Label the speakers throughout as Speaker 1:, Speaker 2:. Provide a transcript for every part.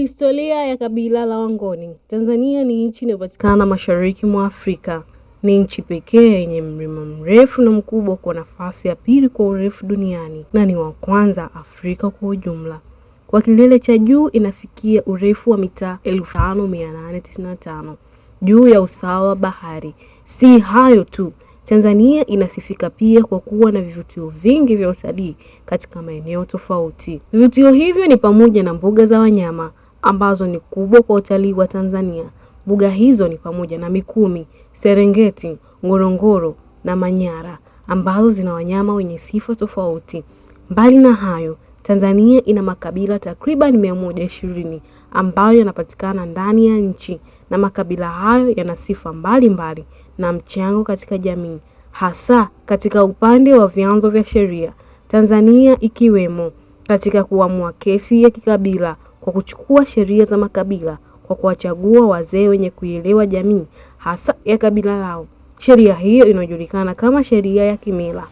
Speaker 1: Historia ya kabila la Wangoni. Tanzania ni nchi inayopatikana mashariki mwa Afrika. Ni nchi pekee yenye mlima mrefu na mkubwa kwa nafasi ya pili kwa urefu duniani na ni wa kwanza Afrika kwa ujumla. Kwa kilele cha juu inafikia urefu wa mita 5895 juu ya usawa wa bahari. Si hayo tu, Tanzania inasifika pia kwa kuwa na vivutio vingi vya utalii katika maeneo tofauti. Vivutio hivyo ni pamoja na mbuga za wanyama ambazo ni kubwa kwa utalii wa Tanzania. Mbuga hizo ni pamoja na Mikumi, Serengeti, Ngorongoro na Manyara ambazo zina wanyama wenye sifa tofauti. Mbali na hayo, Tanzania ina makabila takriban mia moja ishirini ambayo yanapatikana ndani ya nchi na makabila hayo yana sifa mbalimbali na mchango katika jamii hasa katika upande wa vyanzo vya sheria Tanzania ikiwemo katika kuamua kesi ya kikabila, kwa kuchukua sheria za makabila kwa kuwachagua wazee wenye kuielewa jamii hasa ya kabila lao. Sheria hiyo inajulikana kama sheria ya kimila.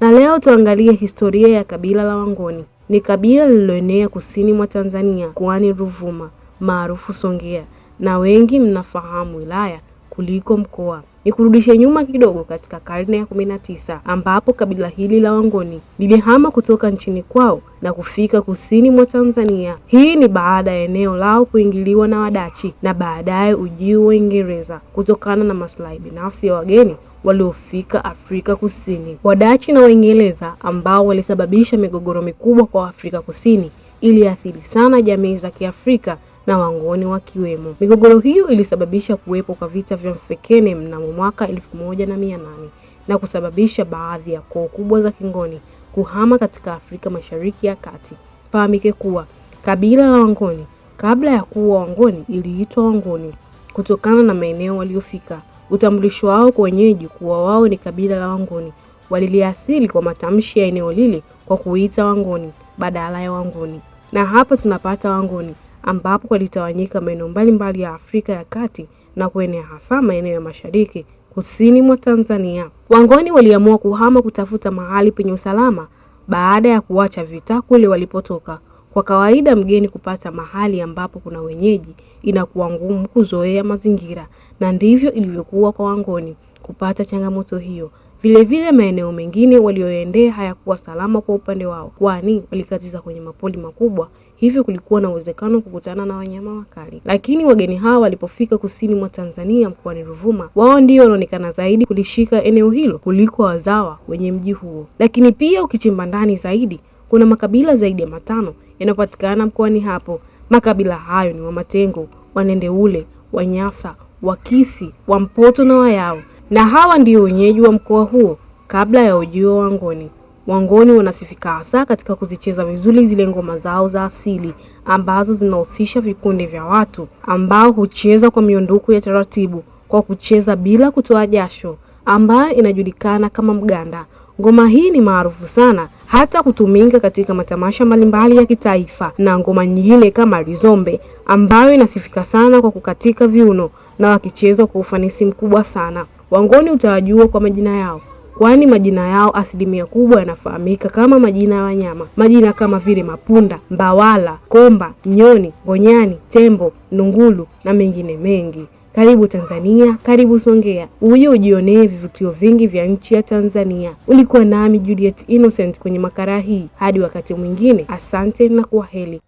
Speaker 1: Na leo tuangalie historia ya kabila la Wangoni. Ni kabila lililoenea kusini mwa Tanzania, mkoani Ruvuma maarufu Songea, na wengi mnafahamu wilaya kuliko mkoa. Nikurudishe nyuma kidogo katika karne ya kumi na tisa ambapo kabila hili la Wangoni lilihama kutoka nchini kwao na kufika kusini mwa Tanzania. Hii ni baada ya eneo lao kuingiliwa na Wadachi na baadaye ujio wa Uingereza kutokana na maslahi binafsi ya wageni waliofika Afrika Kusini. Wadachi na Waingereza ambao walisababisha migogoro mikubwa kwa Afrika Kusini iliathiri sana jamii za Kiafrika na Wangoni wakiwemo. Migogoro hiyo ilisababisha kuwepo kwa vita vya Mfekene mnamo mwaka elfu moja na mia nane na kusababisha baadhi ya koo kubwa za Kingoni kuhama katika Afrika Mashariki ya Kati. Fahamike kuwa kabila la Wangoni kabla ya kuwa Wangoni iliitwa Wangoni kutokana na maeneo waliofika. Utambulisho wao kwa wenyeji kuwa wao ni kabila la Wangoni waliliathiri kwa matamshi ya eneo lile kwa kuita Wangoni badala ya Wangoni, na hapa tunapata Wangoni ambapo walitawanyika maeneo mbalimbali ya Afrika ya Kati na kuenea hasa maeneo ya mashariki kusini mwa Tanzania. Wangoni waliamua kuhama kutafuta mahali penye usalama baada ya kuacha vita kule walipotoka. Kwa kawaida, mgeni kupata mahali ambapo kuna wenyeji inakuwa ngumu kuzoea mazingira, na ndivyo ilivyokuwa kwa Wangoni kupata changamoto hiyo. Vilevile maeneo mengine walioendea hayakuwa salama kwa upande wao, kwani walikatiza kwenye mapoli makubwa, hivyo kulikuwa na uwezekano kukutana na wanyama wakali. Lakini wageni hawa walipofika kusini mwa Tanzania mkoani Ruvuma, wao ndio wanaonekana zaidi kulishika eneo hilo kuliko wazawa wenye mji huo. Lakini pia ukichimba ndani zaidi, kuna makabila zaidi ya matano yanayopatikana mkoani hapo. Makabila hayo ni Wamatengo, Wanendeule, Wanyasa, Wakisi, Wampoto na Wayao na hawa ndio wenyeji wa mkoa huo kabla ya ujio wa Wangoni. Wangoni wanasifika hasa katika kuzicheza vizuri zile ngoma zao za asili ambazo zinahusisha vikundi vya watu ambao hucheza kwa miondoko ya taratibu kwa kucheza bila kutoa jasho ambayo inajulikana kama mganda. Ngoma hii ni maarufu sana hata kutumika katika matamasha mbalimbali ya kitaifa na ngoma nyingine kama Rizombe ambayo inasifika sana kwa kukatika viuno na wakicheza kwa ufanisi mkubwa sana. Wangoni utawajua kwa majina yao, kwani majina yao asilimia kubwa yanafahamika kama majina ya wanyama. Majina kama vile mapunda, mbawala, komba, nyoni, ngonyani, tembo, nungulu na mengine mengi. Karibu Tanzania, karibu Songea, uje ujionee vivutio vingi vya nchi ya Tanzania. Ulikuwa nami Juliet Innocent kwenye makala hii. Hadi wakati mwingine, asante na kwaheri.